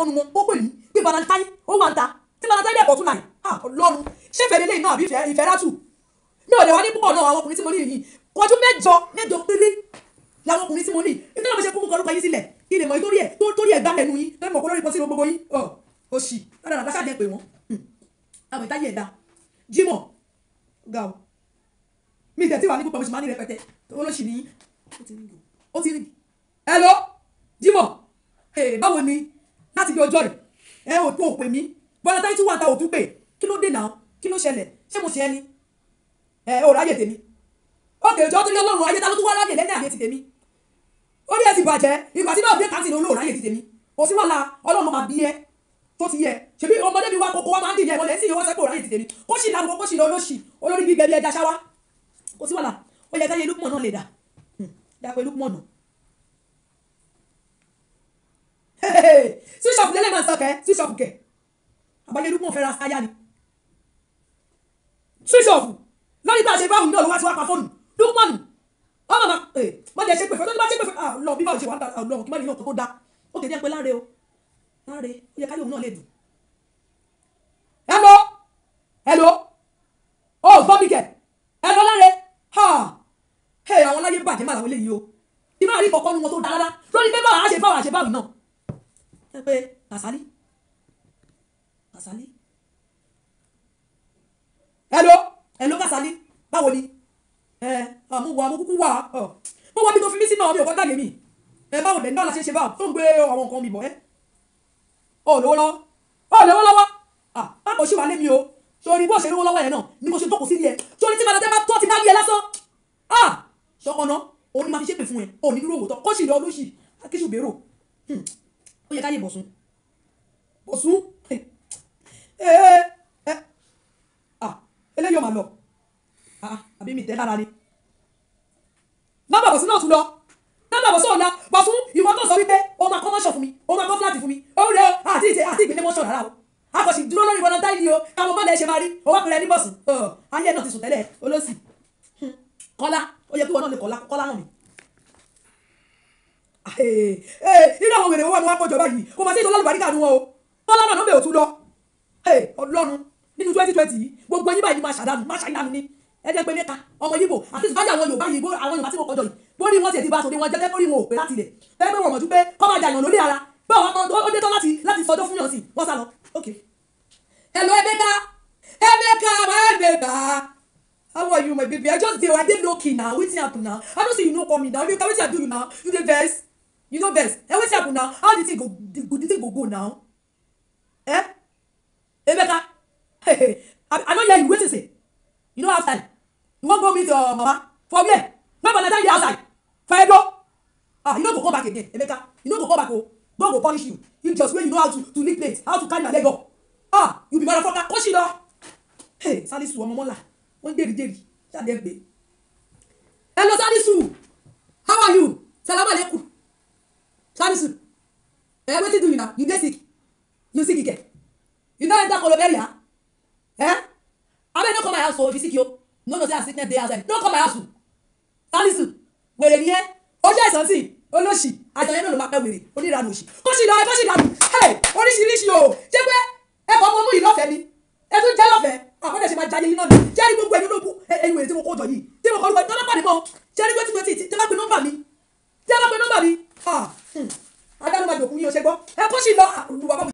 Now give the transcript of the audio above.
ọ̀nù mo gbogbo yìí bí balantayé ó wà ń ta tí balantayé dẹ̀ pọ̀ tún náà ọlọ́run ṣé ìfẹ́ lélẹ́yìn náà àbí ìfẹ́ rátù mi ò lè wá ní púpọ̀ náà àwọn ọkùnrin tí mo ní yìí kọjú mẹ́jọ mẹ́jọ péré làwọn ọkùnrin tí mo ní nítorí àwọn ṣe kúkú kọlùkọ yín sílẹ̀ kí lè mọ ìtórí ẹ̀ torí ẹ̀ gbálẹ̀ nu yín fẹ́ mọ̀ kọ́ lórí pọ́sí gbogbo yín ọ̀ òṣì rárá rárá ṣáàjẹ́ pé wọ́n hmm. àwọn ìtayé ẹ̀dá Jímọ̀ ga o mi ìtẹ̀ tí wà ní púpọ̀ mo sì máa ní rẹpẹtẹ olóṣì ni ó ti rí hello Jímọ̀ báwo ni láti bí ọjọ́ yìí ẹ ò tó òpè mí bọ́lá táyé tí wọ́n ta òtún pè kí ló dènà kí ló ṣẹlẹ̀ ṣé mo ṣe ẹni ẹ ò ráyè tèmi ó kèrè jọ́ tó lé ọlọ́run ayé ta wá ráyè lẹ́yìn àyè ti tèmi ó ní ẹ̀sìn bàjẹ́ ìgbà tí náà dé kàtì ló ráyè ti tèmi kò sí wàhálà ọlọ́run máa bí ẹ tó ti yẹ ṣèbí ọmọdé mi wá kókó wá máa ń dìde ẹ̀wọ̀n lẹ́sìn ìwọ́sẹ̀ sì yẹ káyé hm, lúpọ̀ síṣọ́ọ̀fù lélẹ̀ máa ń sọkẹ́ síṣọ́ọ̀fù kẹ̀ àbáyé dúpọ̀ fẹ́ ra táyà ni síṣọ́ọ̀fù lórí bá a ṣe báwùn náà ló wá sí wá pa fóònù dúpọ̀ nù ọmọ màmá ẹ má ṣe pé fẹ́ tó ní ṣe pé ah, lọ bí báwo ṣe wà lọ kí má nìyàn tó dá ó kéde pé láre o láre ó yẹ káyọ̀ náà lè dùn. hello hello ó gbọ́ mi kẹ̀ hello láre ha ẹ àwọn láyé bàjẹ́ màláwọlé yìí o ìmáà rí kọ̀ọ̀kan nu wọn tó dára lórí pé báwa á ṣe báwa á ṣe pé Kasali Kasali hello hello Kasali báwo ni ẹ àmú wa mo kúkú wà ọ mo wá bí tó fi mí sí náà mi ò kọ́ dàgé mi ẹ báwo dẹ̀ ní ọ̀la ṣe ṣe báà tó ń gbé àwọn nǹkan mi bọ̀ ẹ́ ọ lówó lọ́wọ́ ọ lówó lọ́wọ́ ah báwo ṣì wà lé mi o sori bó ṣe lówó lọ́wọ́ yẹn náà ni mo ṣe jókòó sí ilé ẹ sori tí màdà tẹ́ bá tọ́ ti bá rí ẹ lásán ah ṣọkànnà òun ni màá fi ṣépè fún ẹ òun ní dúró òwòtọ́ kó sì lọ lóṣì akíṣù bèrò hmm ó yẹ káyè bọ̀sùn bọ̀sùn ee eh, eh, ẹ eh. à ah, eléyìí ò mà lọ ah, ah, àbí mi tẹ́ lára ni nọ́mbà bọ̀sùn náà tún lọ nọ́mbà bọ̀sùn ọ̀la bọ̀sùn ìwọ tó sọ wípé o máa kọ́ mọ́ṣọ̀ fún mi o máa kọ́ fúláàtì fún mi ó rẹ àti ìtẹ àti ìgbélé mọ́ṣọ̀ rárá o a kò sì dúró lórí ìbọn táyì ni o káwọn bọ́ọ̀lù ẹ ṣe máa rí o wá pẹ̀lẹ́ ní bọ̀sùn ayé náà ti sùn tẹ́lẹ̀ olóòsì kọ́lá ó yẹ kí wọn náà lè kọ́lá kọ́lá náà mi nínú eh, eh, àwọn wèrè wọn ni wọn kọjọ báyìí kò mọ̀ sí ìtọ́lọ́lù bàríkà nu wọn o wọn lọ́nà nọ́mbẹ̀ òtún lọ eh, ọlọ́run nínú twenty twenty yìí gbogbo yín báyìí máa ṣàdánù máa ṣàdánù ní ẹjẹ pé mẹ́ta ọmọ yìí àti ìsìnkájà àwọn yorùbá yìí àwọn yorùbá tí mo kọjọ yìí bórí wọn tiẹ̀ ti bá aṣọ ni wọn jẹ́jẹ́ bórí wọn ò pé láti ilẹ̀ fẹ́ẹ́ pé wọ́n mọ̀jú pé kọ́ máa jàyàn lórí ara bẹ́ẹ̀ wọ́n máa ó dé tán láti láti sọdọ́ fún yàn sí wọ́n sá lọ. hello Emeka Emeka my Emeka how are you my baby i just dey i dey low key now wetin happen now i no say you no call me now Emeka wetin i do you now you dey vex you know best eh wetin happen now how did thing go Did thing go go now eh Ebeka, hey, I, i no hear you wetin say you know outside. time you wan go meet your mama for where when by the time you outside for edo ah you no go come back again Ebeka. you no go come back Oh, God go punish you you just wey you know how to to lick plates, how to carry your leg up ah you be motherfucker kó sí lọ hey Salisu ọmọ mọ́là wọ́n dèrè dèrè shall dẹ́ be? hello Salisu how are you salamu alaikum Charlie soup. Eh, wetin do you now? You dey sick? You sick again? You don enter coloberia? Eh? Abeg no come my house o oh, if you sick yo. No know say I sickness dey outside. No come my house o. Charlie soup. Wèrè ni ẹ́. Ó jẹ́ ìsàn sí i. Olóṣì. Àjọ yẹn náà ló máa pẹ́ wèrè. Oníranù òṣì. Kó ṣì lọ ẹ kó ṣì dànù. Oríṣiríṣi o. Oh. Ṣé pé ẹ kọ́ mọ́ mú yìí lọ́fẹ̀ẹ́ ni? Ẹ tún jẹ́ lọ́fẹ̀ẹ́. Àkọ́dẹ̀ ah, ṣe máa jayé yín náà ni. Jẹ́rí gbogbo ẹ̀mí ló kú ẹ̀yìn wèrè tí mo kó jọ yìí. Tí mo kọ́ lóko ìtọ́lọ́pàá ni mọ́. Jẹ́rí gbé tí mo ti ti. Tẹ́lá pe nọ́mbà mi. Tẹ́lá pe nọ́mbà mi ọ̀dánimọ̀ àjòkú yìí ó ṣe gbọ́ ẹ kó sì lọ ah, olùwà bàbá.